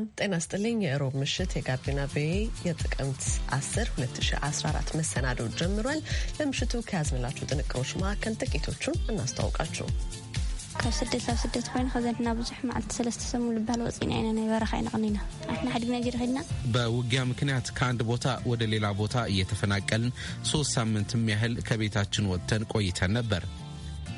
ሰላም ጤና ስጥልኝ። የሮብ ምሽት የጋቢና ቤ የጥቅምት 10 2014 መሰናዶው ጀምሯል። ለምሽቱ ከያዝንላችሁ ጥንቅሮች መካከል ጥቂቶቹን እናስተዋውቃችሁ። ካብ ስደት ኣብ ስደት ኮይኑ ከዘንትና ብዙሕ መዓልቲ ሰለስተ ሰሙን ዝበሃል ወፂና ኢና ናይ በረኻ ይነቕኒና ኣሕና ሓዲግና ጅር ኸድና በውጊያ ምክንያት ከአንድ ቦታ ወደ ሌላ ቦታ እየተፈናቀልን ሶስት ሳምንትም ያህል ከቤታችን ወጥተን ቆይተን ነበር።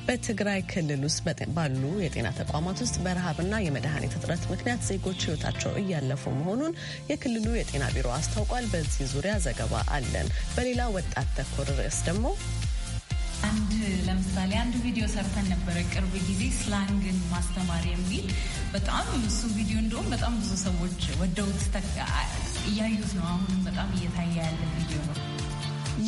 በትግራይ ክልል ውስጥ ባሉ የጤና ተቋማት ውስጥ በረሃብና የመድኃኒት እጥረት ምክንያት ዜጎች ህይወታቸው እያለፉ መሆኑን የክልሉ የጤና ቢሮ አስታውቋል። በዚህ ዙሪያ ዘገባ አለን። በሌላ ወጣት ተኮር ርዕስ ደግሞ አንድ ለምሳሌ አንድ ቪዲዮ ሰርተን ነበረ ቅርብ ጊዜ ስላንግን ማስተማር የሚል በጣም እሱ ቪዲዮ እንደውም በጣም ብዙ ሰዎች ወደውት እያዩት ነው። አሁንም በጣም እየታየ ያለ ቪዲዮ ነው።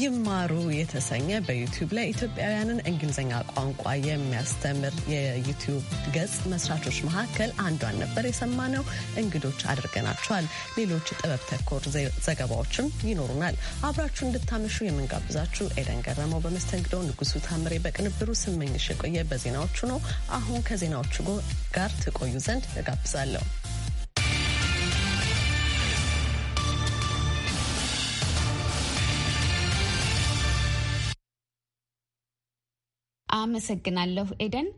ይማሩ የተሰኘ በዩቲዩብ ላይ ኢትዮጵያውያንን እንግሊዝኛ ቋንቋ የሚያስተምር የዩቲዩብ ገጽ መስራቾች መካከል አንዷን ነበር የሰማነው። እንግዶች አድርገናቸዋል። ሌሎች ጥበብ ተኮር ዘገባዎችም ይኖሩናል። አብራችሁ እንድታመሹ የምንጋብዛችሁ ኤደን ገረመው በመስተንግደው ንጉሱ ታምሬ በቅንብሩ፣ ስመኝሽ የቆየ በዜናዎቹ ነው። አሁን ከዜናዎቹ ጋር ትቆዩ ዘንድ እጋብዛለሁ። አመሰግናለሁ ኤደን።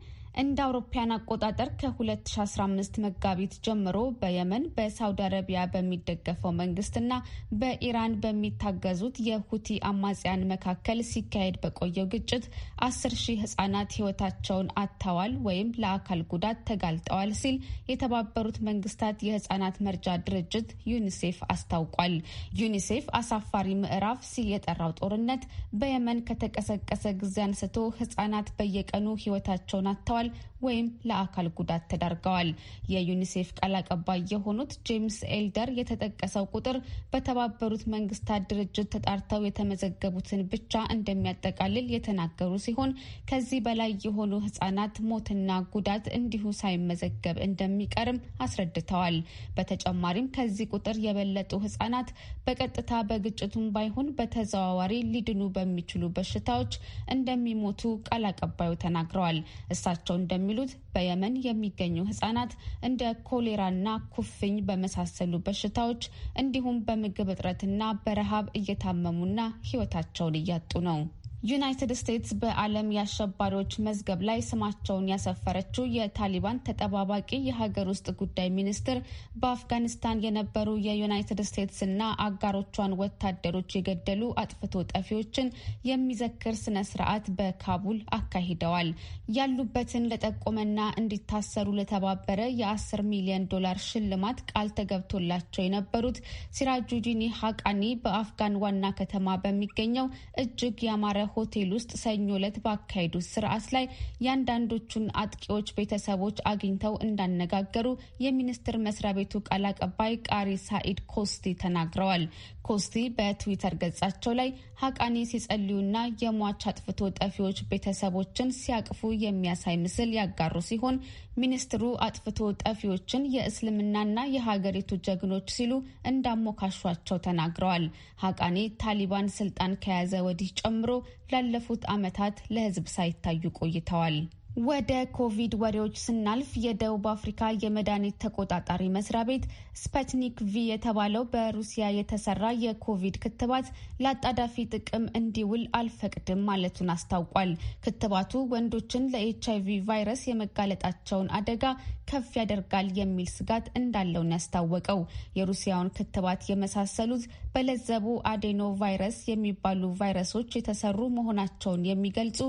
እንደ አውሮፓያን አቆጣጠር ከ2015 መጋቢት ጀምሮ በየመን በሳውዲ አረቢያ በሚደገፈው መንግስትና በኢራን በሚታገዙት የሁቲ አማጽያን መካከል ሲካሄድ በቆየው ግጭት አስር ሺህ ህጻናት ህይወታቸውን አጥተዋል ወይም ለአካል ጉዳት ተጋልጠዋል ሲል የተባበሩት መንግስታት የህጻናት መርጃ ድርጅት ዩኒሴፍ አስታውቋል። ዩኒሴፍ አሳፋሪ ምዕራፍ ሲል የጠራው ጦርነት በየመን ከተቀሰቀሰ ጊዜ አንስቶ ህጻናት በየቀኑ ህይወታቸውን አጥተዋል ተጎድተዋል ወይም ለአካል ጉዳት ተዳርገዋል። የዩኒሴፍ ቃል አቀባይ የሆኑት ጄምስ ኤልደር የተጠቀሰው ቁጥር በተባበሩት መንግስታት ድርጅት ተጣርተው የተመዘገቡትን ብቻ እንደሚያጠቃልል የተናገሩ ሲሆን ከዚህ በላይ የሆኑ ህጻናት ሞትና ጉዳት እንዲሁ ሳይመዘገብ እንደሚቀርም አስረድተዋል። በተጨማሪም ከዚህ ቁጥር የበለጡ ህጻናት በቀጥታ በግጭቱም ባይሆን በተዘዋዋሪ ሊድኑ በሚችሉ በሽታዎች እንደሚሞቱ ቃል አቀባዩ ተናግረዋል። እሳቸው እሳቸው እንደሚሉት በየመን የሚገኙ ህጻናት እንደ ኮሌራና ኩፍኝ በመሳሰሉ በሽታዎች እንዲሁም በምግብ እጥረትና በረሃብ እየታመሙና ህይወታቸውን እያጡ ነው። ዩናይትድ ስቴትስ በዓለም የአሸባሪዎች መዝገብ ላይ ስማቸውን ያሰፈረችው የታሊባን ተጠባባቂ የሀገር ውስጥ ጉዳይ ሚኒስትር በአፍጋኒስታን የነበሩ የዩናይትድ ስቴትስና አጋሮቿን ወታደሮች የገደሉ አጥፍቶ ጠፊዎችን የሚዘክር ስነ ስርዓት በካቡል አካሂደዋል። ያሉበትን ለጠቆመና እንዲታሰሩ ለተባበረ የ10 ሚሊዮን ዶላር ሽልማት ቃል ተገብቶላቸው የነበሩት ሲራጁዲኒ ሀቃኒ በአፍጋን ዋና ከተማ በሚገኘው እጅግ ያማረ ሆቴል ውስጥ ሰኞ ዕለት ባካሄዱት ስርዓት ላይ የአንዳንዶቹን አጥቂዎች ቤተሰቦች አግኝተው እንዳነጋገሩ የሚኒስቴር መስሪያ ቤቱ ቃል አቀባይ ቃሪ ሳኢድ ኮስቲ ተናግረዋል። ኮስቲ በትዊተር ገጻቸው ላይ ሀቃኒ ሲጸልዩና የሟች አጥፍቶ ጠፊዎች ቤተሰቦችን ሲያቅፉ የሚያሳይ ምስል ያጋሩ ሲሆን ሚኒስትሩ አጥፍቶ ጠፊዎችን የእስልምናና የሀገሪቱ ጀግኖች ሲሉ እንዳሞካሿቸው ተናግረዋል። ሀቃኒ ታሊባን ስልጣን ከያዘ ወዲህ ጨምሮ ላለፉት ዓመታት ለሕዝብ ሳይታዩ ቆይተዋል። ወደ ኮቪድ ወሬዎች ስናልፍ የደቡብ አፍሪካ የመድኃኒት ተቆጣጣሪ መስሪያ ቤት ስፐትኒክ ቪ የተባለው በሩሲያ የተሰራ የኮቪድ ክትባት ለአጣዳፊ ጥቅም እንዲውል አልፈቅድም ማለቱን አስታውቋል። ክትባቱ ወንዶችን ለኤች አይቪ ቫይረስ የመጋለጣቸውን አደጋ ከፍ ያደርጋል የሚል ስጋት እንዳለውን ያስታወቀው የሩሲያውን ክትባት የመሳሰሉት በለዘቡ አዴኖ ቫይረስ የሚባሉ ቫይረሶች የተሰሩ መሆናቸውን የሚገልጹ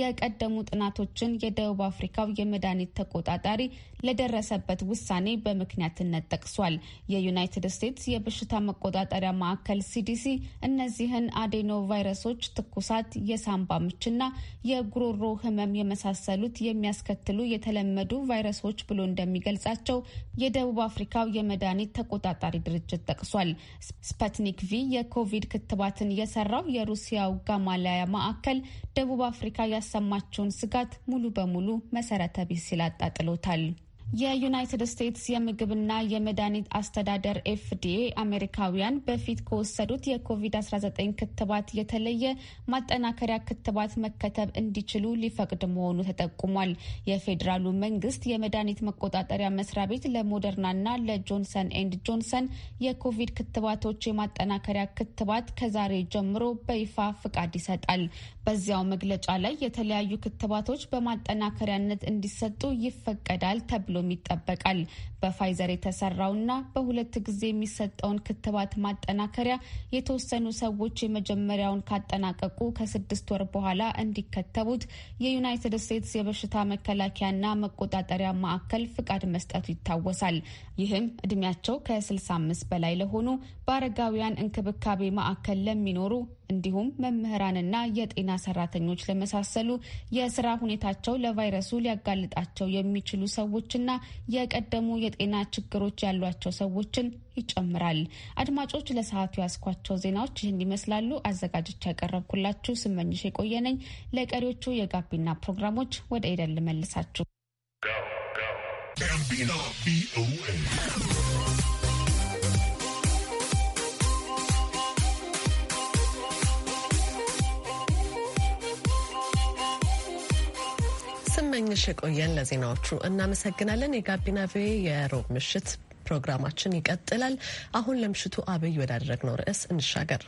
የቀደሙ ጥናቶችን የደቡብ አፍሪካው የመድኃኒት ተቆጣጣሪ ለደረሰበት ውሳኔ በምክንያትነት ጠቅሷል። የዩናይትድ ስቴትስ የበሽታ መቆጣጠሪያ ማዕከል ሲዲሲ እነዚህን አዴኖ ቫይረሶች ትኩሳት፣ የሳምባ ምችና የጉሮሮ ህመም የመሳሰሉት የሚያስከትሉ የተለመዱ ቫይረሶች ብሎ እንደሚገልጻቸው የደቡብ አፍሪካው የመድኃኒት ተቆጣጣሪ ድርጅት ጠቅሷል። ስፐትኒክ ቪ የኮቪድ ክትባትን የሰራው የሩሲያው ጋማላያ ማዕከል ደቡብ አፍሪካ ያሰማቸውን ስጋት ሙሉ በሙሉ መሰረተ ቢስ ሲል አጣጥሎታል። የዩናይትድ ስቴትስ የምግብና የመድኃኒት አስተዳደር ኤፍዲኤ አሜሪካውያን በፊት ከወሰዱት የኮቪድ-19 ክትባት የተለየ ማጠናከሪያ ክትባት መከተብ እንዲችሉ ሊፈቅድ መሆኑ ተጠቁሟል። የፌዴራሉ መንግስት የመድኃኒት መቆጣጠሪያ መስሪያ ቤት ለሞደርናና ለጆንሰን ኤንድ ጆንሰን የኮቪድ ክትባቶች የማጠናከሪያ ክትባት ከዛሬ ጀምሮ በይፋ ፍቃድ ይሰጣል። በዚያው መግለጫ ላይ የተለያዩ ክትባቶች በማጠናከሪያነት እንዲሰጡ ይፈቀዳል ተብሎ ይጠበቃል በፋይዘር የተሰራውና በሁለት ጊዜ የሚሰጠውን ክትባት ማጠናከሪያ የተወሰኑ ሰዎች የመጀመሪያውን ካጠናቀቁ ከስድስት ወር በኋላ እንዲከተቡት የዩናይትድ ስቴትስ የበሽታ መከላከያና መቆጣጠሪያ ማዕከል ፍቃድ መስጠቱ ይታወሳል። ይህም እድሜያቸው ከ65 በላይ ለሆኑ በአረጋውያን እንክብካቤ ማዕከል ለሚኖሩ እንዲሁም መምህራንና የጤና ሰራተኞች ለመሳሰሉ የስራ ሁኔታቸው ለቫይረሱ ሊያጋልጣቸው የሚችሉ ሰዎችና የቀደሙ የጤና ችግሮች ያሏቸው ሰዎችን ይጨምራል። አድማጮች ለሰዓቱ ያስኳቸው ዜናዎች ይህን ይመስላሉ። አዘጋጅቻ ያቀረብኩላችሁ ስመኝሽ የቆየነኝ። ለቀሪዎቹ የጋቢና ፕሮግራሞች ወደ ኤደን ልመልሳችሁ። ስመኝሽ የቆየን ለዜናዎቹ እናመሰግናለን። የጋቢና ቪኦኤ የሮብ ምሽት ፕሮግራማችን ይቀጥላል። አሁን ለምሽቱ አብይ ወዳደረግነው ርዕስ እንሻገር።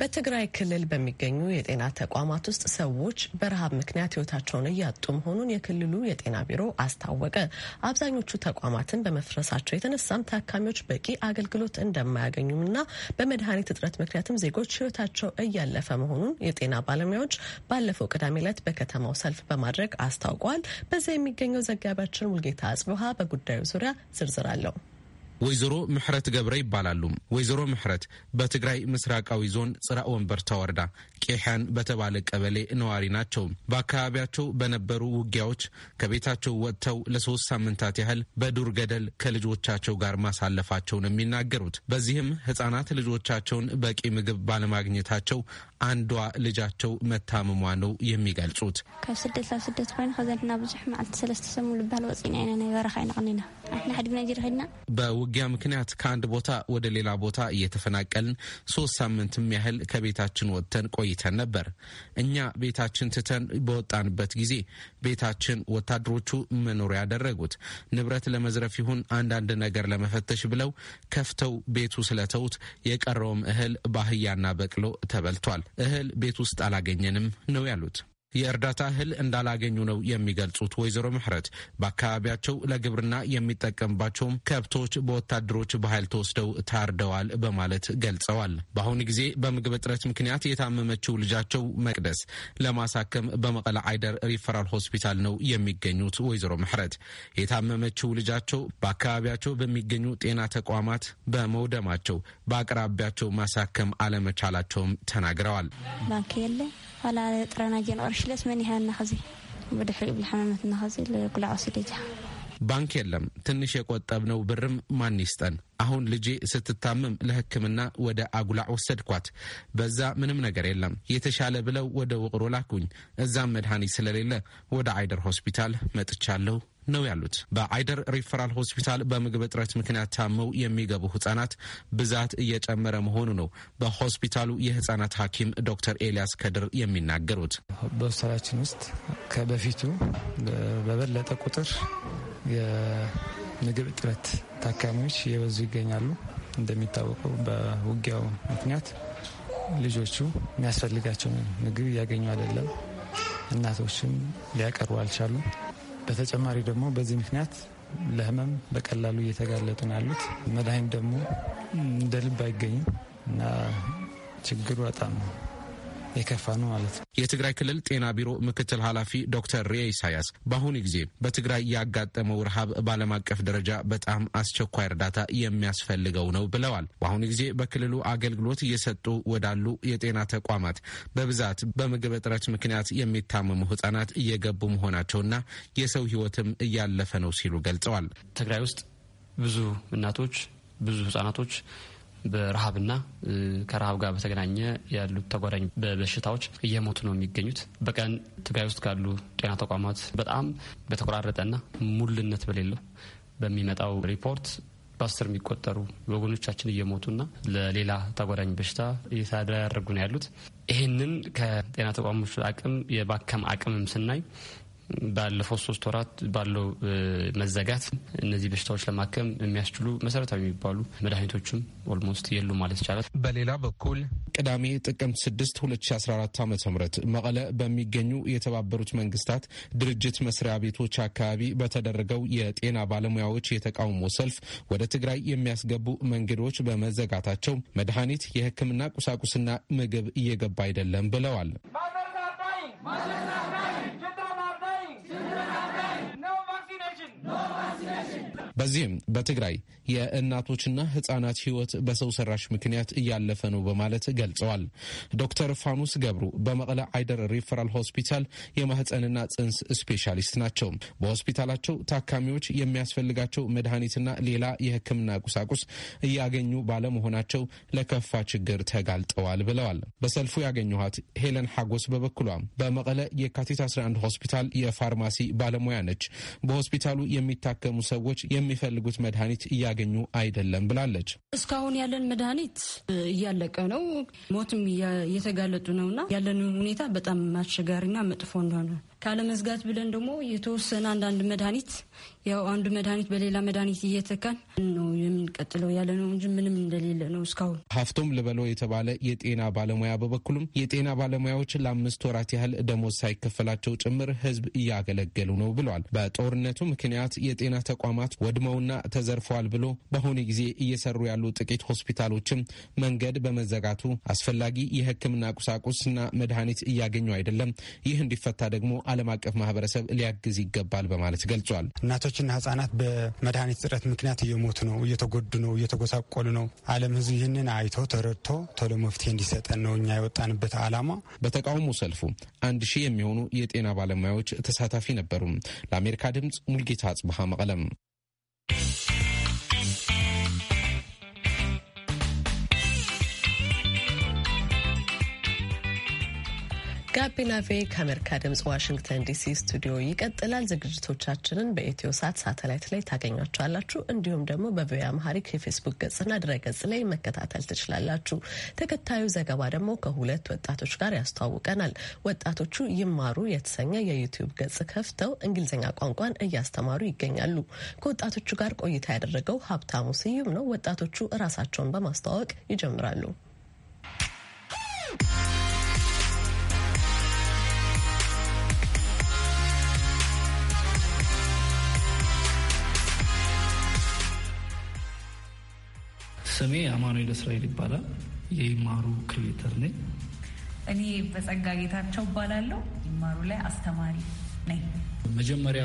በትግራይ ክልል በሚገኙ የጤና ተቋማት ውስጥ ሰዎች በረሃብ ምክንያት ህይወታቸውን እያጡ መሆኑን የክልሉ የጤና ቢሮ አስታወቀ። አብዛኞቹ ተቋማትን በመፍረሳቸው የተነሳም ታካሚዎች በቂ አገልግሎት እንደማያገኙምና በመድኃኒት እጥረት ምክንያትም ዜጎች ህይወታቸው እያለፈ መሆኑን የጤና ባለሙያዎች ባለፈው ቅዳሜ ዕለት በከተማው ሰልፍ በማድረግ አስታውቋል። በዚያ የሚገኘው ዘጋቢያችን ሙልጌታ አጽብሃ በጉዳዩ ዙሪያ ዝርዝር አለው። ወይዘሮ ምሕረት ገብረ ይባላሉ። ወይዘሮ ምሕረት በትግራይ ምስራቃዊ ዞን ጽራእ ወንበርታ ወረዳ ቄሕያን በተባለ ቀበሌ ነዋሪ ናቸው። በአካባቢያቸው በነበሩ ውጊያዎች ከቤታቸው ወጥተው ለሶስት ሳምንታት ያህል በዱር ገደል ከልጆቻቸው ጋር ማሳለፋቸውን የሚናገሩት በዚህም ህጻናት ልጆቻቸውን በቂ ምግብ ባለማግኘታቸው አንዷ ልጃቸው መታመሟ ነው የሚገልጹት። ካብ ስደት ናብ ስደት ኮይኑ ከዘለና ብዙሕ መዓልቲ ሰለስተ ሰሙን ዝበሃል ወፂና ኢና ናይ በረኻ ይንቐኒና ኣሕና ሓድግ ጅር ኸድና በውጊያ ምክንያት ከአንድ ቦታ ወደ ሌላ ቦታ እየተፈናቀልን ሶስት ሳምንትም ያህል ከቤታችን ወጥተን ቆይተን ነበር። እኛ ቤታችን ትተን በወጣንበት ጊዜ ቤታችን ወታደሮቹ መኖሪያ ያደረጉት ንብረት ለመዝረፍ ይሁን አንዳንድ ነገር ለመፈተሽ ብለው ከፍተው ቤቱ ስለተውት የቀረውም እህል ባህያና በቅሎ ተበልቷል። እህል ቤት ውስጥ አላገኘንም ነው ያሉት። የእርዳታ እህል እንዳላገኙ ነው የሚገልጹት። ወይዘሮ ምሕረት በአካባቢያቸው ለግብርና የሚጠቀምባቸውም ከብቶች በወታደሮች በኃይል ተወስደው ታርደዋል በማለት ገልጸዋል። በአሁኑ ጊዜ በምግብ እጥረት ምክንያት የታመመችው ልጃቸው መቅደስ ለማሳከም በመቀለ አይደር ሪፈራል ሆስፒታል ነው የሚገኙት። ወይዘሮ ምሕረት የታመመችው ልጃቸው በአካባቢያቸው በሚገኙ ጤና ተቋማት በመውደማቸው በአቅራቢያቸው ማሳከም አለመቻላቸውም ተናግረዋል። ዝተፈላለየ ጥረና ቅርሽ ለስ መን ይሃ እናኸዚ ብድሕሪኡ ብልሓመመት እናኸዚ ጉላዕ ወሲደ ጃ ባንክ የለም። ትንሽ የቆጠብነው ብርም ማን ይስጠን? አሁን ልጄ ስትታምም ለህክምና ወደ አጉላዕ ወሰድኳት። በዛ ምንም ነገር የለም። የተሻለ ብለው ወደ ውቅሮ ላኩኝ። እዛም መድኃኒት ስለሌለ ወደ አይደር ሆስፒታል መጥቻለሁ ነው ያሉት። በአይደር ሪፈራል ሆስፒታል በምግብ እጥረት ምክንያት ታመው የሚገቡ ህጻናት ብዛት እየጨመረ መሆኑ ነው በሆስፒታሉ የህጻናት ሐኪም ዶክተር ኤልያስ ከድር የሚናገሩት። በሆስፒታላችን ውስጥ ከበፊቱ በበለጠ ቁጥር የምግብ እጥረት ታካሚዎች እየበዙ ይገኛሉ። እንደሚታወቀው በውጊያው ምክንያት ልጆቹ የሚያስፈልጋቸውን ምግብ እያገኙ አይደለም። እናቶችም ሊያቀርቡ አልቻሉም። በተጨማሪ ደግሞ በዚህ ምክንያት ለህመም በቀላሉ እየተጋለጡ ነው ያሉት። መድኃኒት ደግሞ እንደ ልብ አይገኝም እና ችግሩ በጣም ነው። የከፋ ነው ማለት ነው። የትግራይ ክልል ጤና ቢሮ ምክትል ኃላፊ ዶክተር ሬ ኢሳያስ በአሁኑ ጊዜ በትግራይ ያጋጠመው ረሃብ በዓለም አቀፍ ደረጃ በጣም አስቸኳይ እርዳታ የሚያስፈልገው ነው ብለዋል። በአሁኑ ጊዜ በክልሉ አገልግሎት እየሰጡ ወዳሉ የጤና ተቋማት በብዛት በምግብ እጥረት ምክንያት የሚታመሙ ህጻናት እየገቡ መሆናቸውና የሰው ህይወትም እያለፈ ነው ሲሉ ገልጸዋል። ትግራይ ውስጥ ብዙ እናቶች፣ ብዙ ህጻናቶች በረሃብና ከረሃብ ጋር በተገናኘ ያሉት ተጓዳኝ በበሽታዎች እየሞቱ ነው የሚገኙት። በቀን ትግራይ ውስጥ ካሉ ጤና ተቋማት በጣም በተቆራረጠና ሙልነት በሌለው በሚመጣው ሪፖርት በአስር የሚቆጠሩ ወገኖቻችን እየሞቱና ለሌላ ተጓዳኝ በሽታ እየተዳረጉ ነው ያሉት። ይህንን ከጤና ተቋሞች አቅም የማከም አቅምም ስናይ ባለፈው ሶስት ወራት ባለው መዘጋት እነዚህ በሽታዎች ለማከም የሚያስችሉ መሰረታዊ የሚባሉ መድኃኒቶችም ኦልሞስት የሉ ማለት ይቻላል። በሌላ በኩል ቅዳሜ ጥቅምት 6 2014 ዓ ምት መቀለ በሚገኙ የተባበሩት መንግስታት ድርጅት መስሪያ ቤቶች አካባቢ በተደረገው የጤና ባለሙያዎች የተቃውሞ ሰልፍ ወደ ትግራይ የሚያስገቡ መንገዶች በመዘጋታቸው መድኃኒት፣ የህክምና ቁሳቁስና ምግብ እየገባ አይደለም ብለዋል። በዚህም በትግራይ የእናቶችና ህጻናት ህይወት በሰው ሰራሽ ምክንያት እያለፈ ነው በማለት ገልጸዋል። ዶክተር ፋኑስ ገብሩ በመቀለ አይደር ሪፈራል ሆስፒታል የማህፀንና ጽንስ ስፔሻሊስት ናቸው። በሆስፒታላቸው ታካሚዎች የሚያስፈልጋቸው መድኃኒትና ሌላ የህክምና ቁሳቁስ እያገኙ ባለመሆናቸው ለከፋ ችግር ተጋልጠዋል ብለዋል። በሰልፉ ያገኘኋት ሄለን ሐጎስ በበኩሏ በመቀለ የካቲት 11 ሆስፒታል የፋርማሲ ባለሙያ ነች። በሆስፒታሉ የሚታከሙ ሰዎች የሚ የሚፈልጉት መድኃኒት እያገኙ አይደለም ብላለች። እስካሁን ያለን መድኃኒት እያለቀ ነው፣ ሞትም እየተጋለጡ ነውና ያለን ሁኔታ በጣም አስቸጋሪና መጥፎ እንደሆነ ካለመዝጋት ብለን ደግሞ የተወሰነ አንዳንድ መድኃኒት ያው አንዱ መድኃኒት በሌላ መድኃኒት እየተካን ነው የምንቀጥለው ያለ ነው እንጂ ምንም እንደሌለ ነው እስካሁን። ሀፍቶም ልበሎ የተባለ የጤና ባለሙያ በበኩሉም የጤና ባለሙያዎች ለአምስት ወራት ያህል ደሞዝ ሳይከፈላቸው ጭምር ህዝብ እያገለገሉ ነው ብለዋል። በጦርነቱ ምክንያት የጤና ተቋማት ወድመውና ተዘርፈዋል ብሎ በአሁኑ ጊዜ እየሰሩ ያሉ ጥቂት ሆስፒታሎችም መንገድ በመዘጋቱ አስፈላጊ የህክምና ቁሳቁስና መድኃኒት እያገኙ አይደለም። ይህ እንዲፈታ ደግሞ ዓለም አቀፍ ማህበረሰብ ሊያግዝ ይገባል በማለት ገልጿል። እናቶችና ህጻናት በመድኃኒት እጥረት ምክንያት እየሞቱ ነው፣ እየተጎዱ ነው፣ እየተጎሳቆሉ ነው። ዓለም ህዝብ ይህንን አይቶ ተረድቶ ቶሎ መፍትሄ እንዲሰጠን ነው እኛ የወጣንበት ዓላማ። በተቃውሞ ሰልፉ አንድ ሺህ የሚሆኑ የጤና ባለሙያዎች ተሳታፊ ነበሩ። ለአሜሪካ ድምፅ ሙልጌታ አጽብሃ መቀለም ጋቢና ቬ ከአሜሪካ ድምጽ ዋሽንግተን ዲሲ ስቱዲዮ ይቀጥላል። ዝግጅቶቻችንን በኢትዮ ሳት ሳተላይት ላይ ታገኟቸዋላችሁ። እንዲሁም ደግሞ በቪኦኤ አምሃሪክ የፌስቡክ ገጽና ድረ ገጽ ላይ መከታተል ትችላላችሁ። ተከታዩ ዘገባ ደግሞ ከሁለት ወጣቶች ጋር ያስተዋውቀናል። ወጣቶቹ ይማሩ የተሰኘ የዩቲዩብ ገጽ ከፍተው እንግሊዝኛ ቋንቋን እያስተማሩ ይገኛሉ። ከወጣቶቹ ጋር ቆይታ ያደረገው ሀብታሙ ስዩም ነው። ወጣቶቹ እራሳቸውን በማስተዋወቅ ይጀምራሉ። ስሜ አማኑኤል እስራኤል ይባላል። የይማሩ ክሪኤተር ነኝ። እኔ በጸጋ ጌታቸው እባላለሁ። ይማሩ ላይ አስተማሪ ነኝ። መጀመሪያ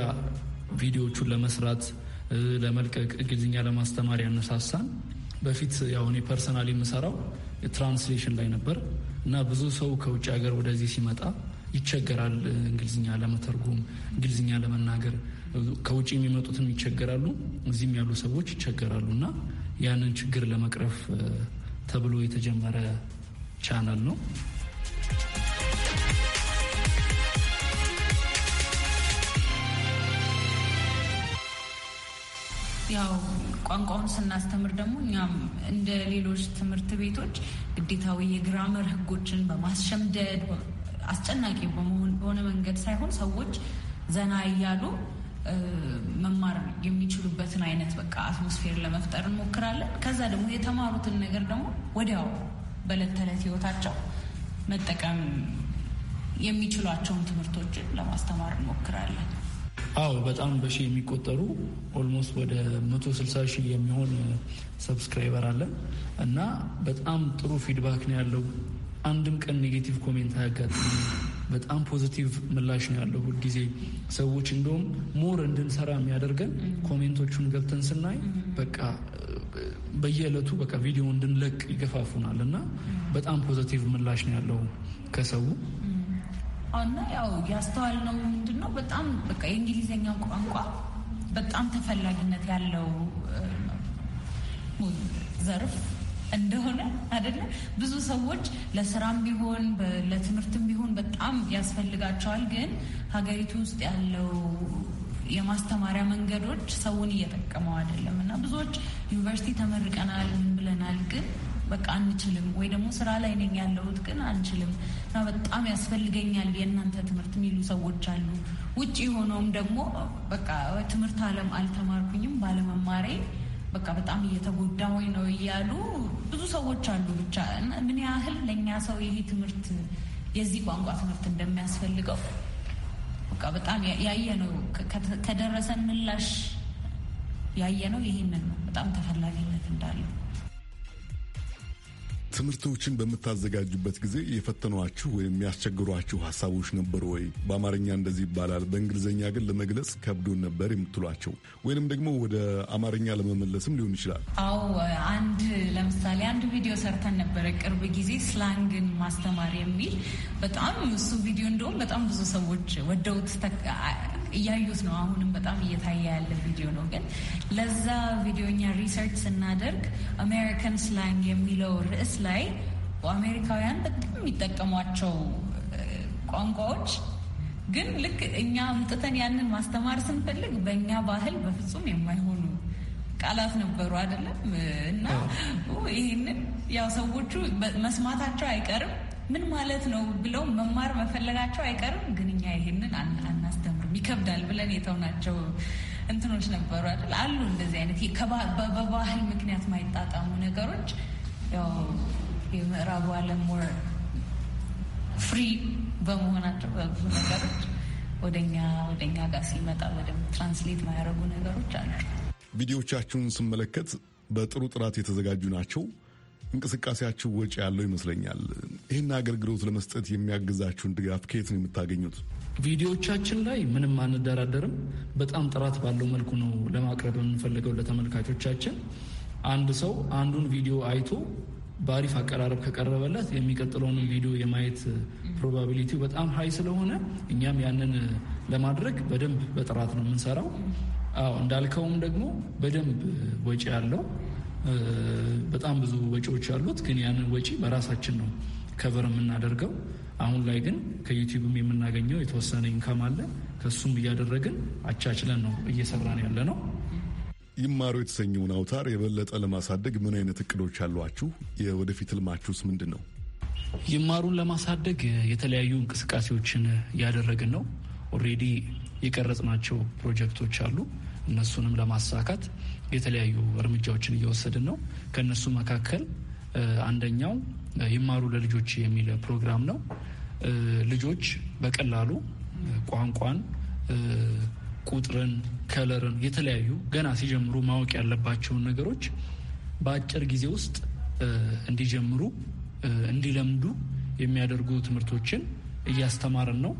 ቪዲዮዎቹን ለመስራት ለመልቀቅ እንግሊዝኛ ለማስተማር ያነሳሳን በፊት ያው እኔ ፐርሰናል የምሰራው ትራንስሌሽን ላይ ነበር እና ብዙ ሰው ከውጭ ሀገር ወደዚህ ሲመጣ ይቸገራል። እንግሊዝኛ ለመተርጎም እንግሊዝኛ ለመናገር ከውጭ የሚመጡትም ይቸገራሉ፣ እዚህም ያሉ ሰዎች ይቸገራሉ እና ያንን ችግር ለመቅረፍ ተብሎ የተጀመረ ቻናል ነው። ያው ቋንቋውን ስናስተምር ደግሞ እኛም እንደ ሌሎች ትምህርት ቤቶች ግዴታዊ የግራመር ሕጎችን በማስሸምደድ አስጨናቂ በሆነ መንገድ ሳይሆን ሰዎች ዘና እያሉ መማር የሚችሉበትን አይነት በቃ አትሞስፌር ለመፍጠር እንሞክራለን። ከዛ ደግሞ የተማሩትን ነገር ደግሞ ወዲያው በዕለት ተዕለት ህይወታቸው መጠቀም የሚችሏቸውን ትምህርቶች ለማስተማር እንሞክራለን። አዎ በጣም በሺ የሚቆጠሩ ኦልሞስት ወደ 160 ሺህ የሚሆን ሰብስክራይበር አለን እና በጣም ጥሩ ፊድባክ ነው ያለው። አንድም ቀን ኔጌቲቭ ኮሜንት አያጋጥም በጣም ፖዚቲቭ ምላሽ ነው ያለው። ሁልጊዜ ሰዎች እንደውም ሞር እንድንሰራ የሚያደርገን ኮሜንቶቹን ገብተን ስናይ በቃ በየዕለቱ በቃ ቪዲዮ እንድንለቅ ይገፋፉናል እና በጣም ፖዚቲቭ ምላሽ ነው ያለው ከሰው እና ያው ያስተዋል ነው ምንድን ነው በጣም በቃ የእንግሊዝኛ ቋንቋ በጣም ተፈላጊነት ያለው ዘርፍ እንደሆነ አይደለም። ብዙ ሰዎች ለስራም ቢሆን ለትምህርትም ቢሆን በጣም ያስፈልጋቸዋል። ግን ሀገሪቱ ውስጥ ያለው የማስተማሪያ መንገዶች ሰውን እየጠቀመው አይደለም እና ብዙዎች ዩኒቨርሲቲ ተመርቀናል፣ ምን ብለናል፣ ግን በቃ አንችልም ወይ ደግሞ ስራ ላይ ነኝ ያለሁት ግን አንችልም እና በጣም ያስፈልገኛል የእናንተ ትምህርት የሚሉ ሰዎች አሉ። ውጭ የሆነውም ደግሞ በቃ ትምህርት አለም አልተማርኩኝም ባለመማሬ በቃ በጣም ወይ ነው እያሉ ብዙ ሰዎች አሉ። ብቻ ምን ያህል ለእኛ ሰው ይሄ ትምህርት የዚህ ቋንቋ ትምህርት እንደሚያስፈልገው በቃ በጣም ያየነው ከደረሰን ምላሽ ነው። ይህንን ነው። በጣም ተፈላጊነት እንዳለው ትምህርቶችን በምታዘጋጁበት ጊዜ የፈተኗችሁ ወይም ያስቸግሯችሁ ሀሳቦች ነበሩ ወይ? በአማርኛ እንደዚህ ይባላል፣ በእንግሊዝኛ ግን ለመግለጽ ከብዶን ነበር የምትሏቸው ወይንም ደግሞ ወደ አማርኛ ለመመለስም ሊሆን ይችላል። አዎ፣ አንድ ለምሳሌ አንድ ቪዲዮ ሰርተን ነበረ ቅርብ ጊዜ ስላንግን ማስተማር የሚል በጣም እሱ ቪዲዮ እንደውም በጣም ብዙ ሰዎች ወደውት እያዩት ነው። አሁንም በጣም እየታየ ያለ ቪዲዮ ነው። ግን ለዛ ቪዲዮ እኛ ሪሰርች ስናደርግ አሜሪካን ስላንግ የሚለው ርዕስ ላይ አሜሪካውያን በጣም የሚጠቀሟቸው ቋንቋዎች ግን ልክ እኛ አምጥተን ያንን ማስተማር ስንፈልግ በእኛ ባህል በፍጹም የማይሆኑ ቃላት ነበሩ አይደለም። እና ይህንን ያው ሰዎቹ መስማታቸው አይቀርም ምን ማለት ነው ብለው መማር መፈለጋቸው አይቀርም። ግን እኛ ይህንን አናስ ይከብዳል ብለን የተውናቸው እንትኖች ነበሩ አይደል? አሉ እንደዚህ አይነት በባህል ምክንያት ማይጣጣሙ ነገሮች ያው የምዕራቡ ዓለም ወር ፍሪ በመሆናቸው በብዙ ነገሮች ወደኛ ወደኛ ጋር ሲመጣ በደምብ ትራንስሌት ማያደረጉ ነገሮች አሉ። ቪዲዮቻችሁን ስመለከት በጥሩ ጥራት የተዘጋጁ ናቸው። እንቅስቃሴያችሁ ወጪ ያለው ይመስለኛል። ይህን አገልግሎት ለመስጠት የሚያግዛችሁን ድጋፍ ከየት ነው የምታገኙት? ቪዲዮዎቻችን ላይ ምንም አንደራደርም። በጣም ጥራት ባለው መልኩ ነው ለማቅረብ የምንፈልገው ለተመልካቾቻችን። አንድ ሰው አንዱን ቪዲዮ አይቶ በአሪፍ አቀራረብ ከቀረበለት የሚቀጥለውንም ቪዲዮ የማየት ፕሮባቢሊቲው በጣም ሀይ ስለሆነ እኛም ያንን ለማድረግ በደንብ በጥራት ነው የምንሰራው። አዎ እንዳልከውም ደግሞ በደንብ ወጪ አለው። በጣም ብዙ ወጪዎች አሉት፣ ግን ያንን ወጪ በራሳችን ነው ከቨር የምናደርገው። አሁን ላይ ግን ከዩቲዩብም የምናገኘው የተወሰነ ኢንካም አለ። ከሱም እያደረግን አቻችለን ነው እየሰራን ያለ ነው። ይማሩ የተሰኘውን አውታር የበለጠ ለማሳደግ ምን አይነት እቅዶች አሏችሁ? የወደፊት ልማችሁስ ምንድን ነው? ይማሩን ለማሳደግ የተለያዩ እንቅስቃሴዎችን እያደረግን ነው። ኦልሬዲ የቀረጽናቸው ፕሮጀክቶች አሉ። እነሱንም ለማሳካት የተለያዩ እርምጃዎችን እየወሰድን ነው። ከእነሱ መካከል አንደኛው ይማሩ ለልጆች የሚል ፕሮግራም ነው። ልጆች በቀላሉ ቋንቋን፣ ቁጥርን፣ ከለርን የተለያዩ ገና ሲጀምሩ ማወቅ ያለባቸውን ነገሮች በአጭር ጊዜ ውስጥ እንዲጀምሩ እንዲለምዱ የሚያደርጉ ትምህርቶችን እያስተማርን ነው።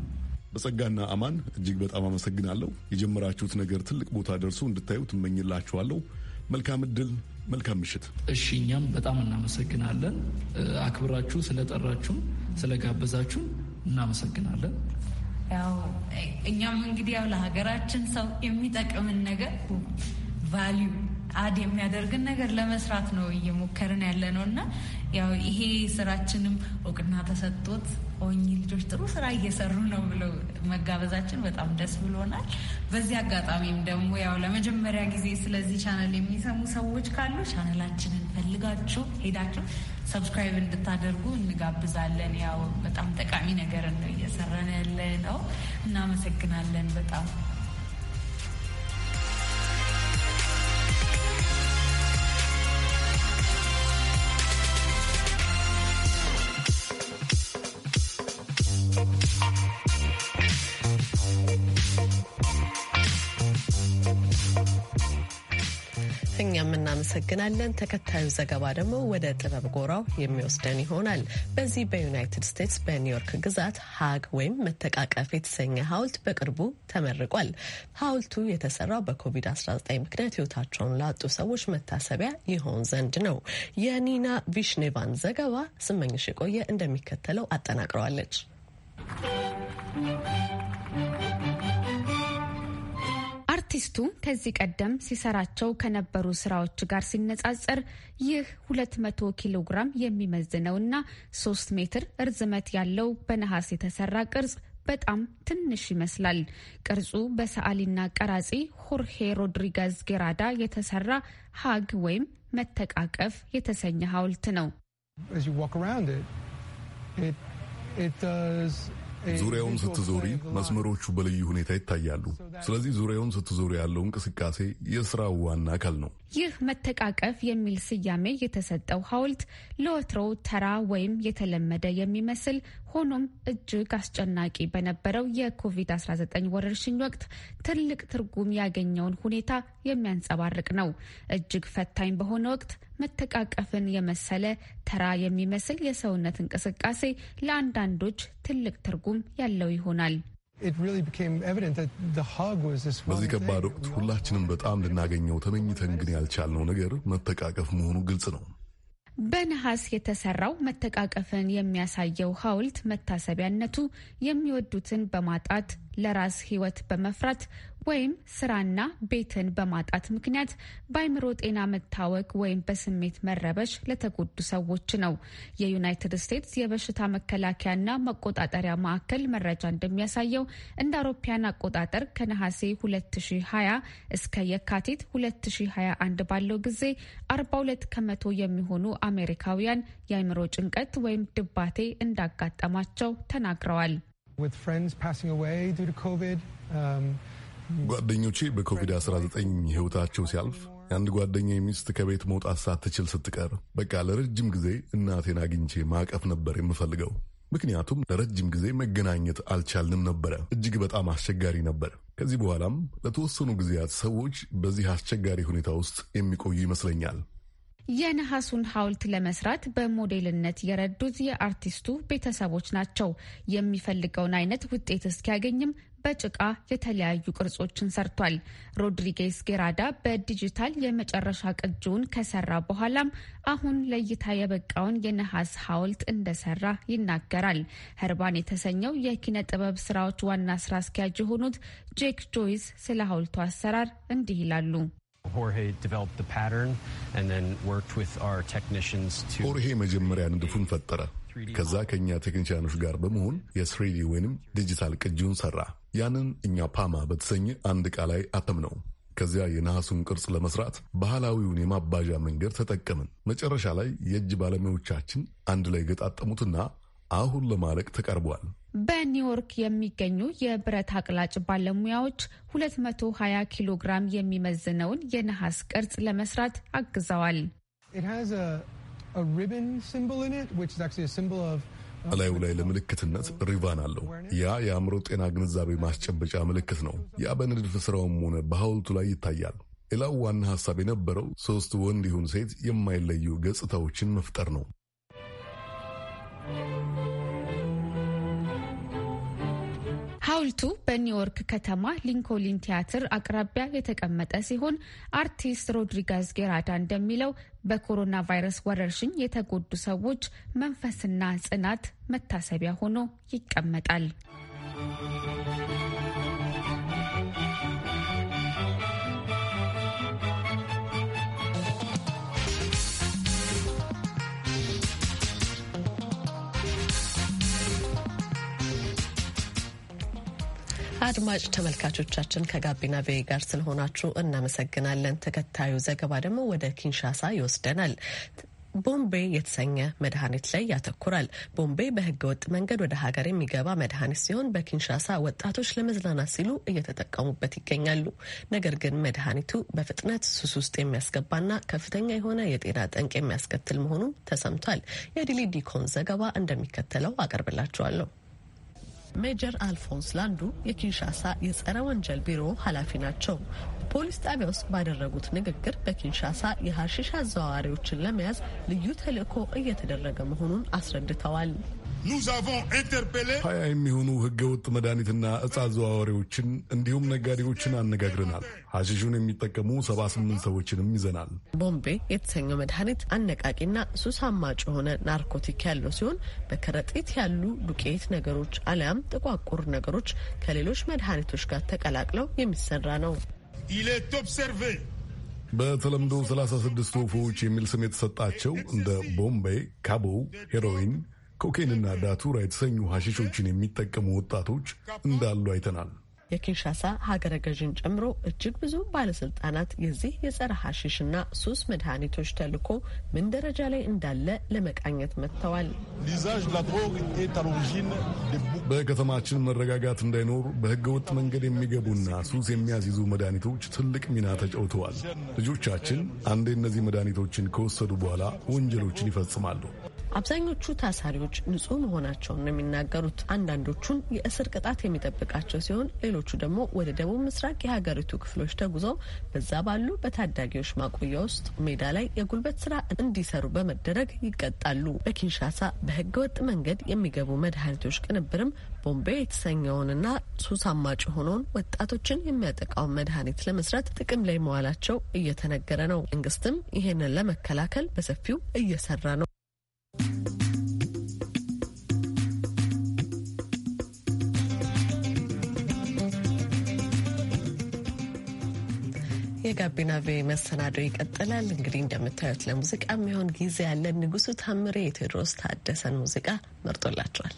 በጸጋና አማን እጅግ በጣም አመሰግናለሁ። የጀመራችሁት ነገር ትልቅ ቦታ ደርሶ እንድታዩ ትመኝላችኋለሁ። መልካም እድል፣ መልካም ምሽት። እሺ፣ እኛም በጣም እናመሰግናለን። አክብራችሁ ስለጠራችሁ ስለጋበዛችሁ እናመሰግናለን። ያው እኛም እንግዲህ ያው ለሀገራችን ሰው የሚጠቅምን ነገር ቫሊዩ አድ የሚያደርግን ነገር ለመስራት ነው እየሞከርን ያለ ነው እና ያው ይሄ ስራችንም እውቅና ተሰጥቶት ኦኝ ልጆች ጥሩ ስራ እየሰሩ ነው ብለው መጋበዛችን በጣም ደስ ብሎናል። በዚህ አጋጣሚም ደግሞ ያው ለመጀመሪያ ጊዜ ስለዚህ ቻናል የሚሰሙ ሰዎች ካሉ ቻናላችንን ፈልጋችሁ ሄዳችሁ ሰብስክራይብ እንድታደርጉ እንጋብዛለን። ያው በጣም ጠቃሚ ነገርን ነው እየሰራን ያለ ነው። እናመሰግናለን በጣም እናመሰግናለን። ተከታዩ ዘገባ ደግሞ ወደ ጥበብ ጎራው የሚወስደን ይሆናል። በዚህ በዩናይትድ ስቴትስ በኒውዮርክ ግዛት ሀግ ወይም መተቃቀፍ የተሰኘ ሐውልት በቅርቡ ተመርቋል። ሀውልቱ የተሰራው በኮቪድ-19 ምክንያት ህይወታቸውን ላጡ ሰዎች መታሰቢያ ይሆን ዘንድ ነው። የኒና ቪሽኔቫን ዘገባ ስመኝሽ የቆየ እንደሚከተለው አጠናቅረዋለች። አርቲስቱ ከዚህ ቀደም ሲሰራቸው ከነበሩ ስራዎች ጋር ሲነጻጸር ይህ 200 ኪሎ ግራም የሚመዝነውና 3 ሜትር እርዝመት ያለው በነሐስ የተሰራ ቅርጽ በጣም ትንሽ ይመስላል። ቅርጹ በሰዓሊና ቀራጺ ሆርሄ ሮድሪጋዝ ጌራዳ የተሰራ ሀግ ወይም መተቃቀፍ የተሰኘ ሐውልት ነው። ዙሪያውን ስትዞሪ መስመሮቹ በልዩ ሁኔታ ይታያሉ። ስለዚህ ዙሪያውን ስትዞሪ ያለው እንቅስቃሴ የስራው ዋና አካል ነው። ይህ መተቃቀፍ የሚል ስያሜ የተሰጠው ሐውልት ለወትሮው ተራ ወይም የተለመደ የሚመስል ሆኖም እጅግ አስጨናቂ በነበረው የኮቪድ-19 ወረርሽኝ ወቅት ትልቅ ትርጉም ያገኘውን ሁኔታ የሚያንጸባርቅ ነው። እጅግ ፈታኝ በሆነ ወቅት መተቃቀፍን የመሰለ ተራ የሚመስል የሰውነት እንቅስቃሴ ለአንዳንዶች ትልቅ ትርጉም ያለው ይሆናል። በዚህ ከባድ ወቅት ሁላችንም በጣም ልናገኘው ተመኝተን ግን ያልቻልነው ነገር መተቃቀፍ መሆኑ ግልጽ ነው። በነሐስ የተሰራው መተቃቀፍን የሚያሳየው ሐውልት መታሰቢያነቱ የሚወዱትን በማጣት ለራስ ህይወት በመፍራት ወይም ስራና ቤትን በማጣት ምክንያት በአይምሮ ጤና መታወክ ወይም በስሜት መረበሽ ለተጎዱ ሰዎች ነው። የዩናይትድ ስቴትስ የበሽታ መከላከያና መቆጣጠሪያ ማዕከል መረጃ እንደሚያሳየው እንደ አውሮፓያን አቆጣጠር ከነሐሴ 2020 እስከ የካቲት 2021 ባለው ጊዜ 42 ከመቶ የሚሆኑ አሜሪካውያን የአይምሮ ጭንቀት ወይም ድባቴ እንዳጋጠማቸው ተናግረዋል። Um, ጓደኞቼ በኮቪድ-19 ሕይወታቸው ሲያልፍ የአንድ ጓደኛ ሚስት ከቤት መውጣት ሳትችል ስትቀር በቃ ለረጅም ጊዜ እናቴን አግኝቼ ማቀፍ ነበር የምፈልገው። ምክንያቱም ለረጅም ጊዜ መገናኘት አልቻልንም ነበረ። እጅግ በጣም አስቸጋሪ ነበር። ከዚህ በኋላም ለተወሰኑ ጊዜያት ሰዎች በዚህ አስቸጋሪ ሁኔታ ውስጥ የሚቆዩ ይመስለኛል። የነሐሱን ሐውልት ለመስራት በሞዴልነት የረዱት የአርቲስቱ ቤተሰቦች ናቸው። የሚፈልገውን አይነት ውጤት እስኪያገኝም በጭቃ የተለያዩ ቅርጾችን ሰርቷል። ሮድሪጌዝ ጌራዳ በዲጂታል የመጨረሻ ቅጂውን ከሰራ በኋላም አሁን ለእይታ የበቃውን የነሐስ ሐውልት እንደሰራ ይናገራል። ህርባን የተሰኘው የኪነ ጥበብ ስራዎች ዋና ስራ አስኪያጅ የሆኑት ጄክ ጆይስ ስለ ሐውልቱ አሰራር እንዲህ ይላሉ። ሆርሄ መጀመሪያ ንድፉን ፈጠረ። ከዛ ከእኛ ቴክኒሽያኖች ጋር በመሆን የስሪዲ ወይንም ዲጂታል ቅጂውን ሰራ። ያንን እኛ ፓማ በተሰኘ አንድ ዕቃ ላይ አተምነው። ከዚያ የነሐሱን ቅርጽ ለመስራት ባህላዊውን የማባዣ መንገድ ተጠቀምን። መጨረሻ ላይ የእጅ ባለሙያዎቻችን አንድ ላይ ገጣጠሙትና አሁን ለማለቅ ተቀርቧል። በኒውዮርክ የሚገኙ የብረት አቅላጭ ባለሙያዎች 220 ኪሎ ግራም የሚመዝነውን የነሐስ ቅርጽ ለመስራት አግዘዋል። በላዩ ላይ ለምልክትነት ሪቫን አለው። ያ የአእምሮ ጤና ግንዛቤ ማስጨበጫ ምልክት ነው። ያ በንድፍ ስራውም ሆነ በሐውልቱ ላይ ይታያል። ሌላው ዋና ሐሳብ የነበረው ሦስት ወንድ ይሁን ሴት የማይለዩ ገጽታዎችን መፍጠር ነው። ሐውልቱ በኒውዮርክ ከተማ ሊንኮሊን ቲያትር አቅራቢያ የተቀመጠ ሲሆን አርቲስት ሮድሪጋዝ ጌራዳ እንደሚለው በኮሮና ቫይረስ ወረርሽኝ የተጎዱ ሰዎች መንፈስና ጽናት መታሰቢያ ሆኖ ይቀመጣል። አድማጭ ተመልካቾቻችን ከጋቢና ቬ ጋር ስለሆናችሁ እናመሰግናለን። ተከታዩ ዘገባ ደግሞ ወደ ኪንሻሳ ይወስደናል። ቦምቤ የተሰኘ መድኃኒት ላይ ያተኩራል። ቦምቤ በህገ ወጥ መንገድ ወደ ሀገር የሚገባ መድኃኒት ሲሆን በኪንሻሳ ወጣቶች ለመዝናናት ሲሉ እየተጠቀሙበት ይገኛሉ። ነገር ግን መድኃኒቱ በፍጥነት ሱስ ውስጥ የሚያስገባና ከፍተኛ የሆነ የጤና ጠንቅ የሚያስከትል መሆኑም ተሰምቷል። የዲሊ ዲኮን ዘገባ እንደሚከተለው አቀርብላችኋለሁ። ሜጀር አልፎንስ ላንዱ የኪንሻሳ የጸረ ወንጀል ቢሮ ኃላፊ ናቸው። ፖሊስ ጣቢያ ውስጥ ባደረጉት ንግግር በኪንሻሳ የሀሺሽ አዘዋዋሪዎችን ለመያዝ ልዩ ተልእኮ እየተደረገ መሆኑን አስረድተዋል። ሀያ የሚሆኑ ህገወጥ መድኃኒትና እጽ አዘዋዋሪዎችን እንዲሁም ነጋዴዎችን አነጋግረናል። ሀሽሹን የሚጠቀሙ 78 ሰዎችንም ይዘናል። ቦምቤ የተሰኘው መድኃኒት አነቃቂና ሱስ አማጭ የሆነ ናርኮቲክ ያለው ሲሆን በከረጢት ያሉ ዱቄት ነገሮች አሊያም ጥቋቁር ነገሮች ከሌሎች መድኃኒቶች ጋር ተቀላቅለው የሚሰራ ነው። በተለምዶ 36 ወፎች የሚል ስም የተሰጣቸው እንደ ቦምቤ፣ ካቦ፣ ሄሮይን፣ ኮኬንና ዳቱራ የተሰኙ ሐሺሾችን የሚጠቀሙ ወጣቶች እንዳሉ አይተናል። የኪንሻሳ ሀገረ ገዥን ጨምሮ እጅግ ብዙ ባለስልጣናት የዚህ የጸረ ሀሺሽና ሱስ መድኃኒቶች ተልኮ ምን ደረጃ ላይ እንዳለ ለመቃኘት መጥተዋል። በከተማችን መረጋጋት እንዳይኖር በህገወጥ መንገድ የሚገቡና ሱስ የሚያስይዙ መድኃኒቶች ትልቅ ሚና ተጫውተዋል። ልጆቻችን አንዴ እነዚህ መድኃኒቶችን ከወሰዱ በኋላ ወንጀሎችን ይፈጽማሉ። አብዛኞቹ ታሳሪዎች ንጹህ መሆናቸውን ነው የሚናገሩት። አንዳንዶቹን የእስር ቅጣት የሚጠብቃቸው ሲሆን፣ ሌሎቹ ደግሞ ወደ ደቡብ ምስራቅ የሀገሪቱ ክፍሎች ተጉዘው በዛ ባሉ በታዳጊዎች ማቆያ ውስጥ ሜዳ ላይ የጉልበት ስራ እንዲሰሩ በመደረግ ይቀጣሉ። በኪንሻሳ በህገወጥ መንገድ የሚገቡ መድኃኒቶች ቅንብርም ቦምቤ የተሰኘውንና ሱስ አማጭ የሆነውን ወጣቶችን የሚያጠቃውን መድኃኒት ለመስራት ጥቅም ላይ መዋላቸው እየተነገረ ነው። መንግስትም ይህንን ለመከላከል በሰፊው እየሰራ ነው። የጋቢና ቪ መሰናዶ ይቀጥላል። እንግዲህ እንደምታዩት ለሙዚቃ የሚሆን ጊዜ ያለን ንጉሱ ታምሬ የቴዎድሮስ ታደሰን ሙዚቃ መርጦላቸዋል።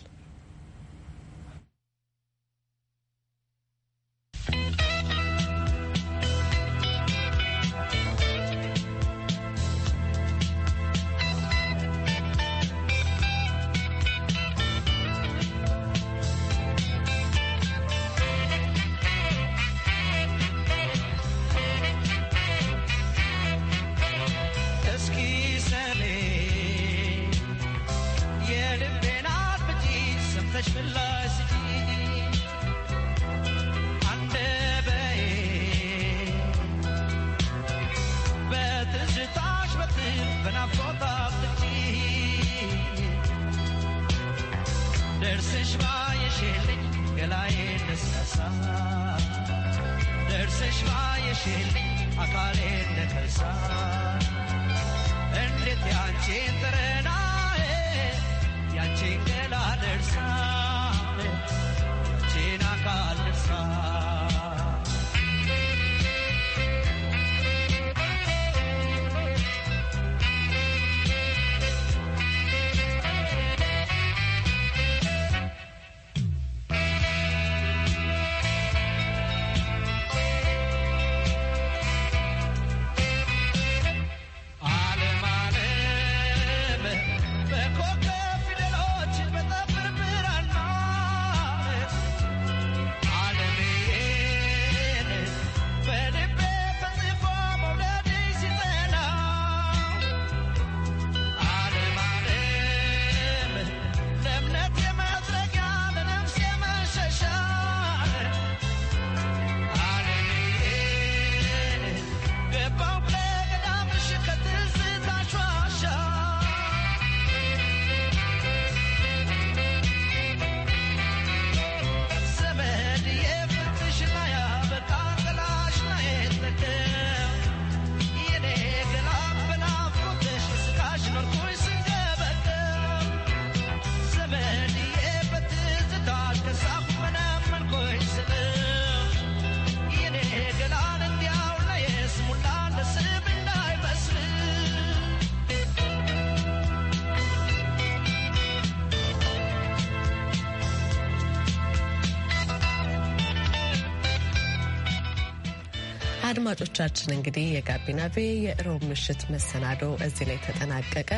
አድማጮቻችን እንግዲህ የጋቢና ቤ የእሮብ ምሽት መሰናዶ እዚህ ላይ ተጠናቀቀ።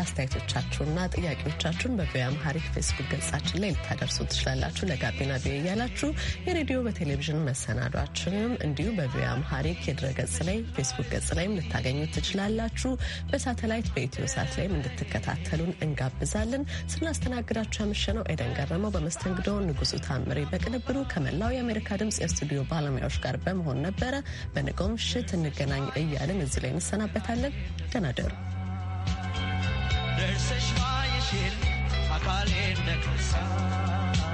አስተያየቶቻችሁና ጥያቄዎቻችሁን በቪኦኤ አምሃሪክ ፌስቡክ ገጻችን ላይ ልታደርሱ ትችላላችሁ። ለጋቢና ቤ እያላችሁ የሬዲዮ በቴሌቪዥን መሰናዷችንም እንዲሁም በቪኦኤ አምሃሪክ የድረ ገጽ ላይ ፌስቡክ ገጽ ላይም ልታገኙ ትችላላችሁ። በሳተላይት በኢትዮ ሳት ላይም እንድትከታተሉን እንጋብዛለን። ስናስተናግዳችሁ ያመሸነው ኤደን ገረመው፣ በመስተንግዶ ንጉሱ ታምሬ፣ በቅንብሩ ከመላው የአሜሪካ ድምጽ የስቱዲዮ ባለሙያዎች ጋር በመሆን ነበረ በንቀ በነጋው ምሽት እንገናኝ እያለን እዚህ ላይ እንሰናበታለን። ደህና ደሩ። አካሌ ደርሳ